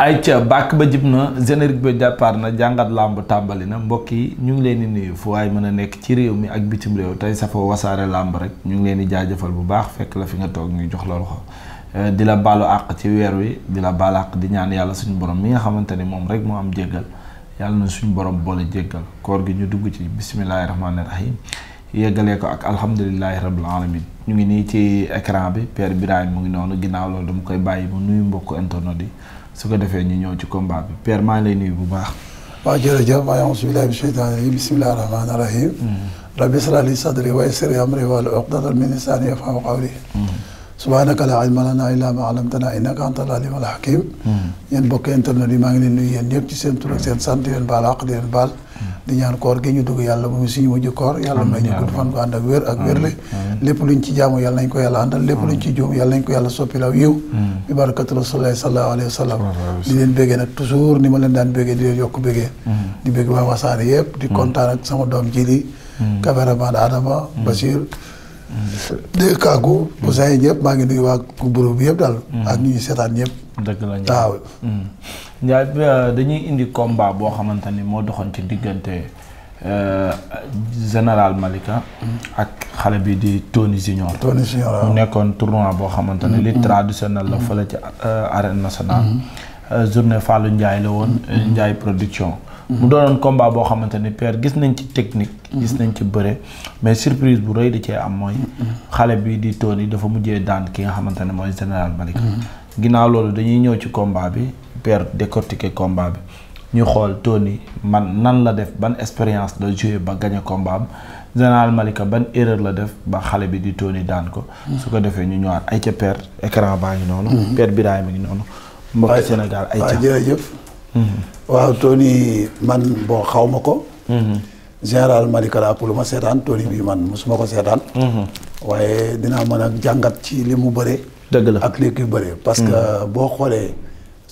ay ayca bàkk ba jib na générique ba jàppaar na jàngat làmb tàmbali na mbokk yi ñu ngi leen di nuyu fu waaye mën a nekk ci réew mi ak bitim réew tey safoo wasaare làmb rek ñu ngi leen di jaajëfal bu baax fekk la fi nga toog ñuy jox la eh, di la baalu àq ci weer wi di la baalu di ñaan yàlla suñu borom mi nga xamante ni moom rek moo am jéggal yàlla na suñu borom boole jéggal koor gi ñu dugg ci bisimilahi rahmaani rahim yeggalee ko ak alhamdulilahi rabil alamin ñu ngi nii ci écran bi per Birahim mu ngi noonu ginnaaw loolu dama koy bàyyi mu nuyu mbokk internet yi su ko defee ñu ñëw ci combat bi père maa lay nuyu bu baax. waaw a maa ngi am subilahi min sheytaani rajim bismillahi rahmaani rahim hmm. rabbi israh li sadri wa yassir li amri wahlul uqdatan min lisaani yafqahu qawli hmm. subhaanaka laa ilma lanaa illaa maa allamtanaa innaka antal aliimul hakiim hmm. yéen bokk internet yi maa ngi leen nuyu yéen ñëpp ci seen tur ak seen sant yéen baal àq di baal di ñaan koor gi ñu dugg yàlla bu mu suñu mujj koor yàlla may ñu gudd fan ko ànd ak wér ak wérle lépp luñ ci jaamu yàlla nañ ko yàlla àndal lépp luñ ci juum yàlla nañ ko yàlla soppilaw yiw bi barakatu rasulullah sallallahu alayhi wa sallam di leen ni ma leen daan béggee di di bégg waa wasaare di kontaan ak sama doom jili cameraman Adama Bachir de kaagu Ousseyn ñëpp maa ngi nuyu waa groupe bi yëpp daal ak ñi ñu seetaan ñëpp dëgg Ndiaye euh, dañuy indi combat boo xamante ni moo doxoon ci diggante euh, général Malika. ak xale bi di Tony Junior. Tony mu nekkoon tourant boo xamante ne li mm-hmm. traditionnel la fële ci euh, arène nationale. Mm-hmm. journée Fallou Ndiaye la woon. Mm-hmm. Ndiaye production. mu doonoon combat boo xamante ni père gis nañ ci technique. gis nañ ci bëre mais surprise bu rëy da cee am mooy. xale bi di Tony dafa mujjee daan ki nga xamante ne mooy général Malika. ginnaaw loolu dañuy ñëw ci combat bi. père décortiquer combat bi ñu xool Tony man nan la def ban expérience la joué ba gagné combat am général Malika ban erreur la def ba xale bi di Tony daan ko. su ko defee ñu ñëwaat ay ca père écran baa ngi noonu. Mm-hmm. père Birahim mi ngi noonu. mbokk Sénégal ay ca jërëjëf. Mm-hmm. waaw Tony man bon xaw ma ko. Mm-hmm. général Malika laa pour lu ma seetaan Tony bii man mosuma ko seetaan. waaye dinaa mën a jàngat ci li mu bëree. dëgg la ak li ki bëree. boo xoolee.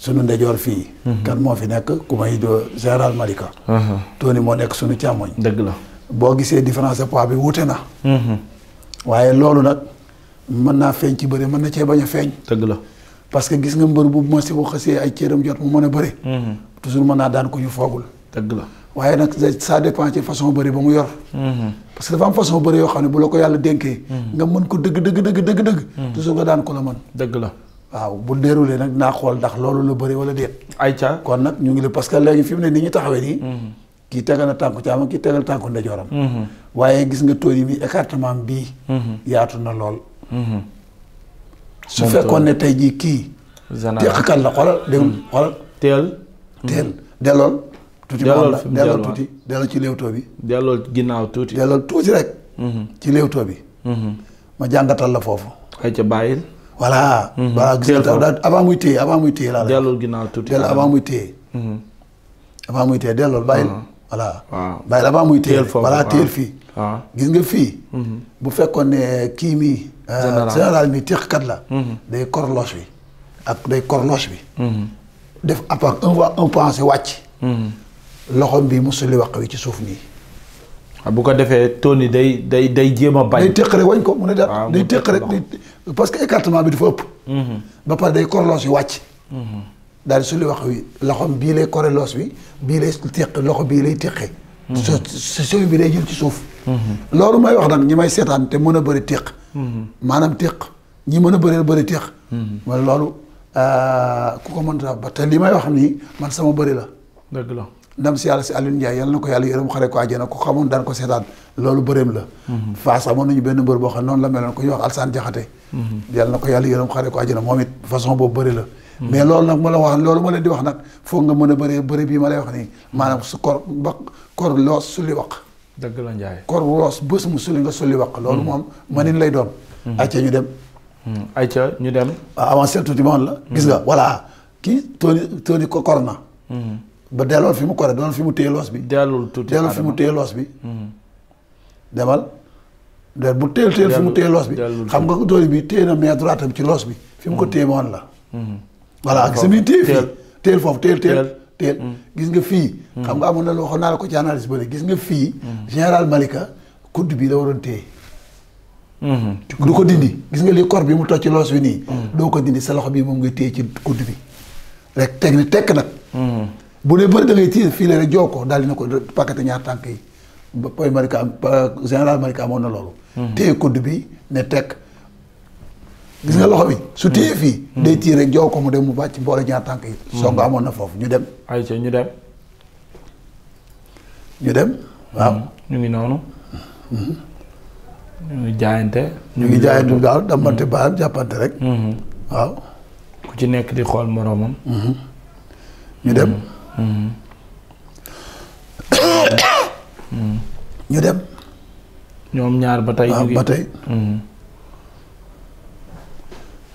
sunu ndejoor fii. Mhm. kan moo fi nekk ku may général Malika. Mhm. Tony moo nekk sunu càmmoñ. dëgg la boo gisee différence de poids bi wute na. Mhm. waaye loolu nag mën naa feeñ ci bëri mën na cee bañ a feeñ. dëgg la parce que gis nga mbër bu mos bu xasee ay cëram jot mu mën a bëri. toujours mën naa daan ko ñu foogul. dëgg la waaye nag ça dépend ci façon bëri ba mu yor. parce que dafa am façon bëri yoo xam ne bu la ko yàlla dénkee. nga mën ko dëgg dëgg dëgg dëgg dëgg. waaw bu déroulé nag naa xool ndax loolu la bari wala déet. ayca kon nag ñu ngi la parce que léegi fi mu ne ni ñu taxawee nii. Mhm. kii tegal na tànku càmm kii tegal tànku ndeyjooram. Mhm. waaye gis nga tóor yi bi écartement bii. Mhm. yaatu na lool. su fekkoon ne tey jii kii. yàqkat la xoolal dégg xoolal. teel. teel dellool. tuuti moom la dellool tuuti dellool ci léewtoo bi. dellool ginnaaw tuuti. dellool tuuti rek. ci léewtoo bi. ma jàngatal la foofu. ayca bàyyil. voilà. waaw mhm. gis nga avant muy téye avant muy téye laa muy téye. avant bàyyil. voilà bàyyil avant muy téye. Mhm. Ah. voilà téyel fii. Ah. gis nga fii. Mhm. bu fekkoon ne kii mi euh, général mi téqkat la. day kor bi ak day kor bi. def apport un voie un wàcc. loxom bi mosul li wax wi ci suuf nii. Ah, bu ko defee tool yi day day day jéem a bañ. day teq rek wañ ko mu ne daal ah, day teq rek parce que écartement bi dafa ëpp. Mhm. ba pare day corloos yu wàcc. Mhm. daal su li wax wi loxoom bii lay corloos bi bii lay teq loxo bii lay teqee. Mhm. so so bi day jël ci suuf. loolu may wax nag ñi may seetaan te mën a bëri teq. maanaam teq ñi mën a bëree bëri teq. man loolu euh, ku ko mënta ba te li may wax nii man sama bëri la. ndam si yàlla si Alioune Ndiaye yal na ko yàlla yërëm xare ko àjjana ko xamoon daan ko seetaan loolu bëreem la mhm. Fass amoon nañu benn mbër boo xam noonu la meloon ku ñuy wax Alsaan Jaxate yal na ko yàlla yërëm xare ko àjjana moom it façon boobu bëri la mhm. mais loolu nag ma la wax loolu ma leen di wax nag foog nga mën a bëri bii ma lay wax nii maanaam su kor ba kor loos suli wax la Ndiaye kor loos bés mu suli nga suli wax loolu mhm. moom manin lay doon ayca ñu ñu dem ah, waaw ba delloo fi mu kore demal fi mu téye loos bi. dellul tuuti dellul fi bi. Mm-hmm. demal. de bu téel téel fi mu téye loos bi xam nga doole bi téye na main droite ci loos bi. fi mu ko mm-hmm. téye woon la. Mm-hmm. voilà ak foofu téel gis nga fii. xam nga amoon na loo naa ko ci analyse bëri gis nga fii. général Malika coude bi la waroon téye. du ko dindi gis nga li corps bi mu toj ci loos bi nii. doo ko dindi sa loxo bii moom nga téye ci kudd bi rek teg ni tekk nag. bu dee bëri da ngay tiir fii rek joo ko daal dina ko pakkate ñaar tànk yi ba Pape Malika général Malika amoon na loolu. Mhm. téye kudd bi ne teg. gis nga loxo bi. su téye fii. Mhm. day tiir rek joo ko mu dem mu bàcc boole ñaar tànk yi. Mhm. song amoon na foofu ñu dem. ay ñu dem. ñu waaw. ñu ngi noonu. ñu ngi jaayante. ñu ngi jaayante daal damante baal jàppante rek. waaw. ku ci nekk di xool moroomam. ñu dem. Mm-hmm. ñu dem. ñoom ñaar ba tey. Ah, ba tey. Mm-hmm.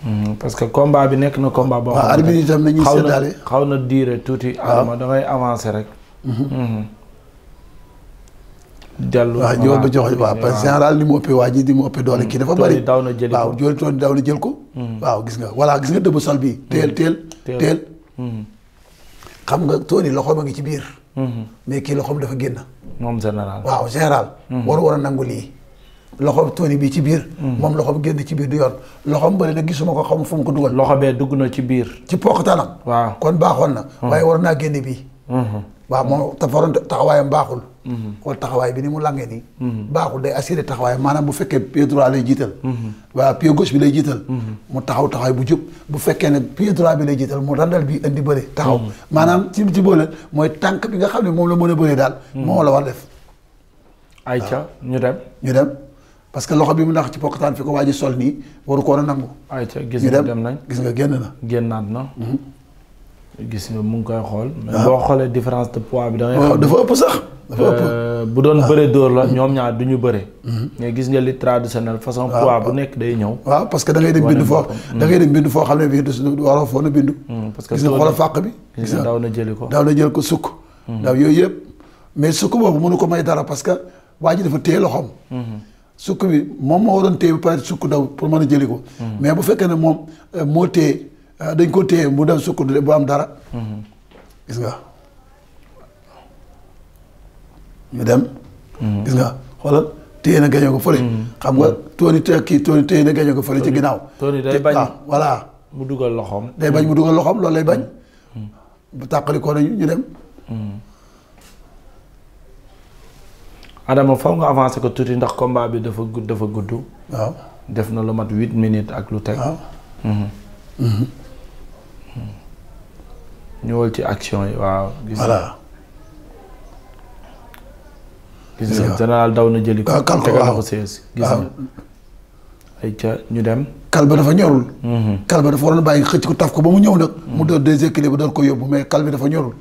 Mm-hmm. parce que combat bi nekk na combat boo. xam arbitre yi tam nañuy séddale xaw na diire tuuti. waaw ah. da ngay rek. Diallo waaw ñëw ba jox waaw parce que li mu ëppee waa ji di mu ëppee doole kii dafa bëri. daaw na jël ko waaw jël tool daaw jël ko. waaw gis nga voilà gis nga dëbb sol bi. teel teel teel. xam nga Tony loxoom a ngi ci biir. Mhm. mais kii loxoom dafa génn. moom général waaw général. Mhm. waru war a nangu lii. loxo Tony bii ci biir. Mhm. moom loxo loxoom génn ci biir du yoon. loxoom bëri na gisuma ko xam fu mu ko dugal. loxo bee dugg na ci biir. ci poqatanam. waaw kon baaxoon na. waaye war naa génn bii. waaw moom tafaroon taxawaayam baaxul. xool mhm. taxawaay bi ni mu langee nii. Mhm. baaxul day assuré taxawaayam maanaam bu fekkee pied lay jiital. Mhm. waaw pied gauche bi lay jiital. mu taxaw taxawaay bu jub bu fekkee ne pied droit bi lay jiital mu randal bi indi bëri taxaw. maanaam ci ci boole mooy tànk bi nga xam ne moom la mën a bëree daal. moo la war def. ca ñu dem ñu dem. parce que loxo bi mu ndax ci pokkataan fi ko waa ji sol nii waru ko war a nangu. ayca gis nga dem nañ gis nga génn na. génnaat na. gis nga mu ngi koy xool. Ah. mais boo xoolee différence de poids bi da ngay. Oh, xam dafa ëpp sax dafa ëpp. Euh, bu doon ah. bëre dóor la ñoom ñaar du ñu bëre. Mhm. mais gis nga li traditionnel façon ah. poids bu nekk day ñëw. waaw parce que dem bindu foo da dem bindu foo xam ne bii du waroo foo bindu. Hmm, gis nga xoolal bi. gis nga na jëli ko sukk. Hmm. daaw yooyu yëpp mais sukk boobu mënu ko may dara parce waa ji dafa téye loxoom. Hmm. sukk bi moom moo waroon téye a bu fekkee ne euh, Ah, dañ ko téye mu dem sukkandu bu am dara. Mhm. gis nga ñu dem. Mhm. gis nga xoolal téye na gañoo ko fële. Mhm. xam nga tooni téye kii tooni téye na gañoo ko fële ci ginnaaw. tooni day bañ ah, voilà. mu dugal loxoom. day bañ mu dugal loxoom loolu lay bañ. bu tàqali ko nañu ñu dem. Adama faw nga avancé ko tuuti ndax combat bi dafa gudd dafa gudd. waaw def na lu mat huit minutes ak lu teg. ñëwal ci action yi waaw. gis voilà. gis nga daw na jëli. Ah, waaw kàl ko waaw gis ah. nga. ay ca ñu dem. kal ba dafa ñorul. Mhm. kal ba dafa waroon bàyyi xëcc ko taf ko ba mu ñëw nag. mu mhm. doon déséquilibre doon ko yóbbu mais kal bi dafa ñorul.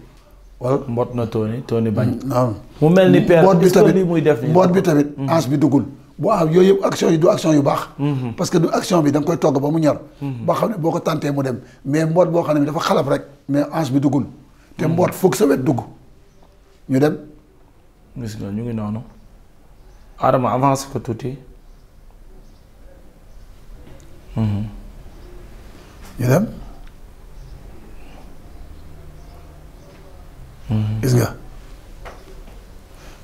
wala mbot na tooni tooni bañ. Mm, mu mel ni père. mboot bi tamit muy def mboot bi tamit. as bi duggul. waaw yooyu yëpp action yi du action yu baax. Mm-hmm. parce que du action bi da koy togg ba mu ñor. Mm-hmm. ba xam ne boo ko tàntee mu dem mais mboot boo xam ne dafa xalaf rek mais ange bi duggul. te mm-hmm. mboot foog sa wet dugg ñu dem. gis nga ngi noonu. Adama avance ko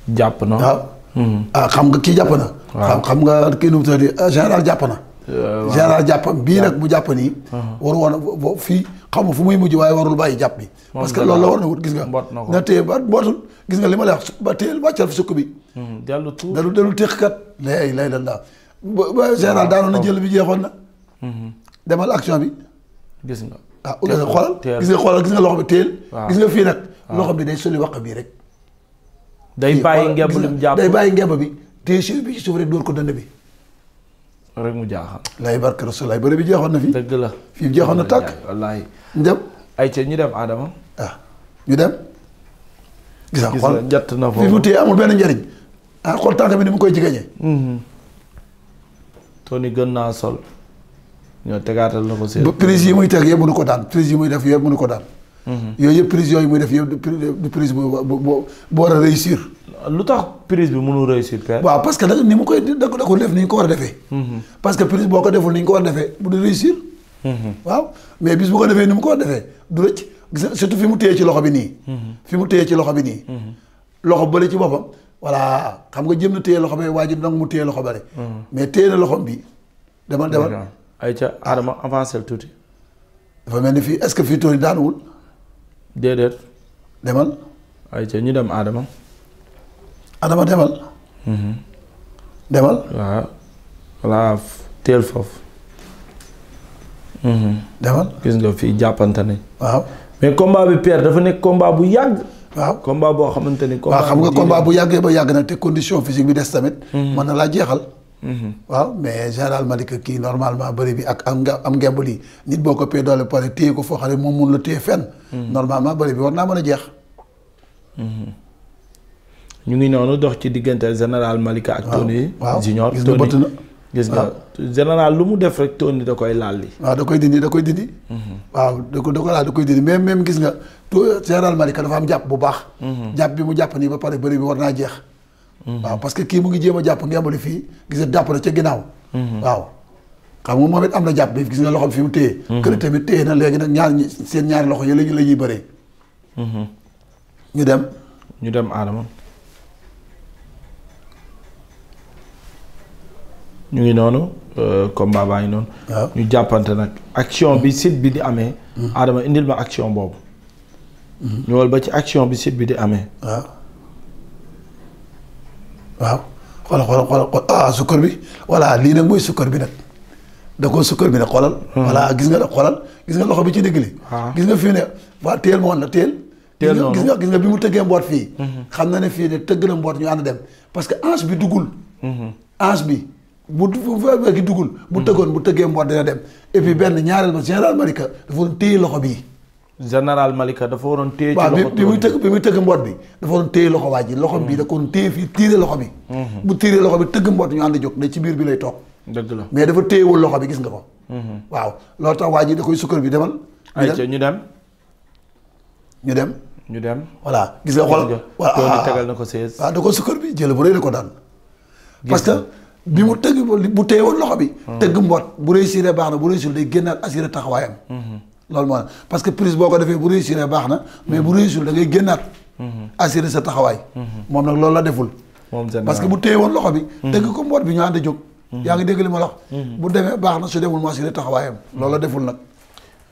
jàpp na ah xam nga kii jàpp na. waaw xam nga kii nu mu tëddee ah, général jàpp na. Euh, général jàpp bii nag bu jàpp nii. Uh-huh. waru woon fii xaw ma fu muy mujj waaye warul bàyyi jàpp bi. parce que loolu la war na wut gis nga. mbot na ko na téye ba mbootul gis nga li ma lay wax ba téye wàccal fi sukk bi. Hmm, dellu tuur dellu daanoon na jël bi jeexoon na. Hmm. demal action bi. gis nga. ah xoolal gis nga xoolal loxo bi téel. gis nga fii nag. loxo bi day soli waq bii rek. day bàyyi ngemb li mu jàpp day bàyyi ngemb bi te si bi suuf rek dóor ko dënd bi. rek mu jaaxal. lay barke rasulaay bëre bi jeexoon na fi. dëgg fii na tàkk. wallaahi njab. ay ñu dem Adama. Ah, ñu dem. gis nga xool jàtt mu téye amul benn njariñ. ah xool tànk bi ni mu koy jigéñee. Mhm. Tony gën naa sol. ñoo tegaatal na ko seen. ba prise yi muy teg yëpp mënu ko daan prise yi muy def yëpp mënu ko daan. yooyu yëpp prise yooyu muy def yëpp du prise bu war a réussir. lu tax prise bi mënul réussir. waaw parce que ni mu koy da ko def ni ñu ko war a defee. Mhm. parce prise boo ko deful ni ñu ko war a defee bu du réussir. Mhm. waaw mais bis bu ko defee ni mu ko war a defee du rëcc surtout fi mu téye ci loxo bi nii. Mhm. fi mu téye ci loxo bi nii. loxo bële ci boppam. voilà xam nga jëm na téye loxo bi waa ji mu téye loxo bële. mais téye na loxom bi. demal déedéet. demal. ay ca ñu dem Adama. Adama demal. Mhm. demal. waaw voilà teel foofu. Mhm. demal gis nga fii jàppante nañ. waaw mais combat bi père dafa nekk komba bu yàgg. waaw combat boo xamante ni. combat xam nga combat bu yàggee ba yàgg nag te condition physique bi des tamit. Mhm. mën na laa jeexal. Mm-hmm. waaw mais général Malick kii normalement bëri bi ak am nga am ngemb lii nit boo ko pee doole pare téye ko foo xam ne moom mun la téye fenn. Mm-hmm. normalement bëri bi war naa a jeex. Mm-hmm. ñu ngi noonu dox ci diggante général Malika ak. Tony Junior gis nga général lu mu def rek Tony da koy laal li waaw da koy dindi da koy dindi. waaw da ko da ko laal da koy dindi mais même gis nga général Malika dafa am jàpp bu baax. jàpp bi mu jàpp nii ba pare bëri bi war naa jeex. Mhm. waaw parce que kii mu ngi jéem a jàpp ngembali fii gis nga jàpp na ca ginnaaw mhm. waaw xam nga moom it am na jàpp bi gis nga loxo fi mu téye mhm. kër tamit téye na léegi nag ñaar seen ñaari loxo yi la la ñuy bëree ñu dem dem Adama ngi noonu euh, combat baa ngi noonu ñu jàppante nag action bi site bi di amee Adama indil ma action boobu ñëwal ba ci action bi site bi di amee waaw xoolal xoolal xoolal ah sukkar bi voilà lii nag mooy sukkar bi nag da koo sukkar bi nag xoolal. Hmm. voilà gis nga nag xoolal gis nga bi ci digg li ah. gis nga fii ne waa teel moo la teel. teel gis nga gis nga bi mu tëggee mboot fii. Hmm. xam na ne fii ne tëgg na mboot ñu ànd dem parce que ange bi duggul. Hmm. ange bi bu bu duggul. bu tëggoon bu tëggee mboot dina dem. et benn ñaareel ma général Malika dafa doon téye loxo bii. général Malika dafa waroon téye. ci loxo bi muy tëgg bi muy tëgg mboot bi dafa waroon téye loxo waa ji. loxo bi da ko téye fii tiire bi. Mhm. bu tiire loxo bi tëgg mboot ñu ànd jóg ne bi lay toog. dëgg mhm. da koy sukkar bi demal. ay ca ñu dem ñu dem. ñu dem voilà gis nga xool. Ah, da ko sukkar bi jël bu rëy da ko daan. parce bi mu tëgg bu téyewoon loxo bi. Mhm. tëgg mboot bu réussir baax na bu réussir day génnaat assuré taxawaayam loolu moo parce que prise boo ko defee bu réussir baax na mais bu réussir da ngay génnaat. assurer sa taxawaay. moom nag loolu la deful. parce que bu téye woon loxo bi. Hmm. dëgg ko mboot bi ñu ànd jóg. Hmm. yaa ngi dégg li ma la hmm. bu demee baax na su demul mu assurer taxawaayam. loolu la deful nag.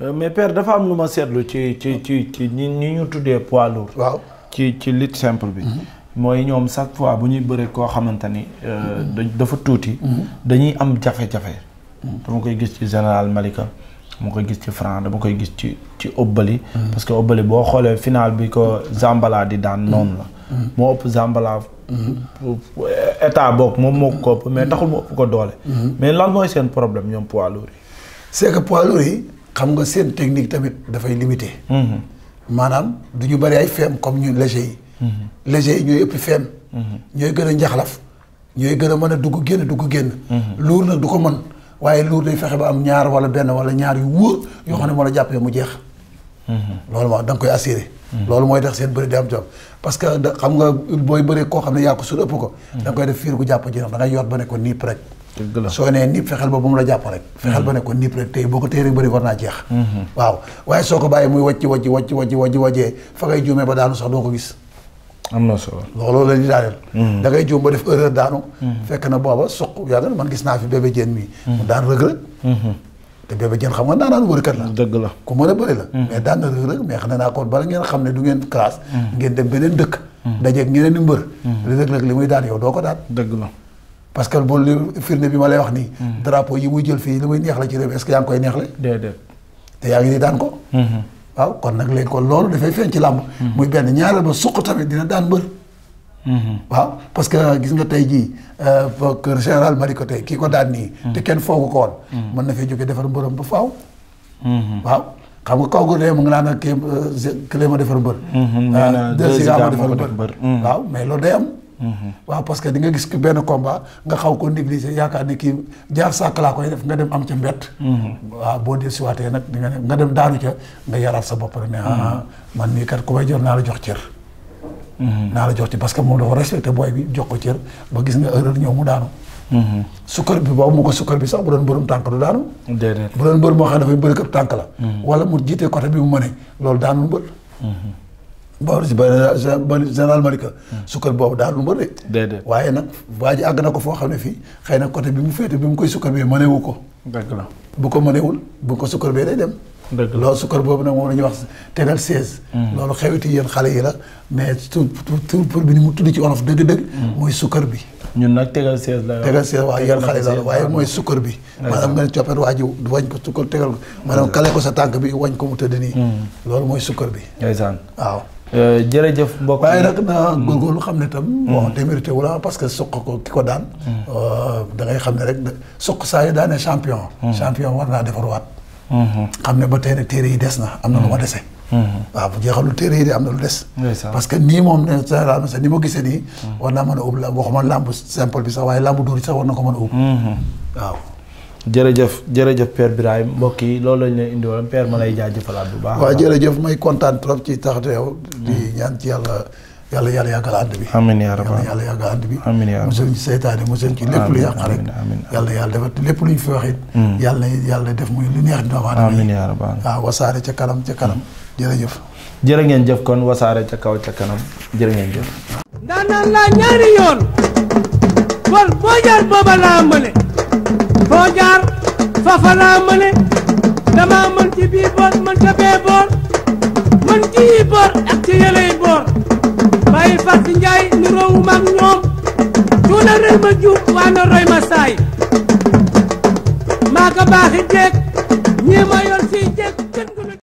Euh, mais père dafa am lu ma seetlu ci ci ci ci ñi ñi ñu tuddee poids lourd. waaw ci ci lutte simple bi. mooy ñoom chaque fois bu ñuy bëree koo xamante ni. Euh, dafa tuuti. dañuy am jafe-jafe. dama gis ci général Malika. dama koy gis ci franc dama koy gis ci ci ëbbali parce que ëbbali boo xoolee final bi ko Zambala di daan noonu la moo ëpp Zambala état boobu moom moo ko ëpp mais taxul mu ëpp ko doole mais lan mooy seen problème ñoom poids lourds yi c'est que poids lourds yi xam nga seen technique tamit dafay limité mhm. maanaam du ñu bëri ay feem comme ñu léger yi mhm. léger yi ñooy ëpp feem mhm. ñooy gën a njaxlaf ñooy gën a mën a dugg génn dugg génn lourd nag du ko mën waaye loolu day fexe ba am ñaar wala benn wala ñaar yu wóor yoo xam ne moo la jàppee mu jeex. loolu moom da nga koy assuré. loolu mooy tax seen bëri day am jom parce que xam nga booy bëree koo xam ne yaa ko suul ëpp ko. da koy def fiir gu jàpp ci da ngay yor ba ne ko niip rek. dëgg la soo nee niip fexeel ba bu mu la jàpp rek. fexeel ba ne ko niip rek tey boo ko tey rek bëri war naa jeex. Mhm. waaw waaye soo ko bàyyee muy wàcc wàcc wàcc wàcc wàcc wàccee fa ngay juumee ba daanu sax doo ko gis. am na solo looloo la ñu daaneel. Hmm. da ngay juum ba def erreur daanu. Hmm. fekk na booba suq yàgg na man gis naa fi bébé jeen mii. Hmm. daan rëg rëg. te bébé a bëri la. naa kon bala ngeen xam ne du ngeen classe. ngeen dem beneen dëkk. dajeeg ñeneen i mbër. rëg rëg li muy daan yow doo ko daan. dëgg la. li firnde bi ma lay wax nii. drapeau yi muy jël fii li muy neex la ci réew est yaa ngi koy neexle. déedéet te yaa ngi nii daan ko. waaw kon nag léegi kon loolu dafay feeñ ci làmb mm-hmm. muy benn ñaareel ba suq tamit dina daan mbër mm-hmm. waaw parce que gis nga tey jii euh, kër général Mari ko tey kii ko daan nii te mm-hmm. kenn foogu ko woon mën na fee jóge defar mbërëm ba faaw waaw xam nga kaw gu dee mu ngi naan kii euh, kële ma defar mbër euh, desi gaa ma defar mbër waaw mais loolu day am waaw parce que di nga gis benn combat nga xaw ko négliger yaakaar ni kii jaar sàkk laa koy def nga dem am ca mbett. waaw boo dee siwaatee nag di nga dem nga dem daanu ca nga yaraat sa bopp rek ne ah man nii kat ku may jor naa la jox cër. naa la jox ci parce que moom dafa respecté booy bi jox ko cër ba gis nga erreur ñëw mu daanu. sukkar bi boobu mu ko sukkar bi sax bu doon mbërum tànk du daanu. déedéet bu doon mbër moo xam ne dafay mbër këpp tànk la. Mm-hmm. wala mu jiite côté bi loolu daanu booru si benn général Malika. Hmm. sukkal boobu daal lu mbër de. déedéet waaye nag waa àgg na ko foo xam ne fii xëy na côté bi mu féete bi mu koy sukkar bee mëneewu ko. dëgg la bu ko mëneewul bu ko sukkal bee day dem. dëgg la boobu nag moom la ñuy wax tegal 16. Hmm. loolu xewiti xale yi la mais tur tur bi ni mu tudd ci wolof dëgg-dëgg. Hmm. mooy sukkar bi. ñun nag tegal 16 la. tegal 16 waaw yéen xale la waaye mooy sukkar bi. maanaam nga ne coppet waa ji wañ ko sukkar tegal ko. maanaam kale ko sa tànk bi wañ ko mu tëdd nii. loolu mooy sukkar bi. ndeysaan waaw. Euh, jërëjëf mbokk waaye nag naa hmm. góorgóorlu xam ne tam moo hmm. démérité wala parce que soq ko ki ko daan hmm. euh, da ngay xam ne rek soq saa yi daane champion champion war naa defarwaat xam ne ba tey nag téere yi des na am na lu ma dese waaw bu jeexalu téere yi de am na lu des parce que nii moom ne général ma sax ni ma gisee nii war naa mën a ub la waxuma làmb simple bi sax waaye làmb dóor yi sax war na ko mën a ub waaw jërëjëf jërëjëf Père Birahim mbokk yi loolu lañ leen indi woon Père ma lay jaajëfalaat bu baax. waaw jërëjëf may kontaan trop ci tax teew di ci yàlla yàlla yàlla yàggal ànd bi. amiin yaa rabbi yàlla yàggal ànd bi. amiin yaa rabbi musal ci seytaane musal ci lépp lu yàq yàlla yàlla defat lépp lu fi waxit hmm. yàlla yàlla def muy lu neex doomu aadama. amiin yaa rabbi waaw wasaare ca kanam ca kanam hmm. jërëjëf. jërë ngeen jëf kon wasaare ca kaw ca kanam jërë ngeen jëf. ndaanaan laa ñaari yoon bor boo jaar booba laa mëne foo jaar fafa laa mëne dama mën ci bii boor mën ca bee boor mën ci yi boor ak ci yëley nu roowu maag ñoom cuuna rëy ma waa na roy maa ko baaxi ñii ma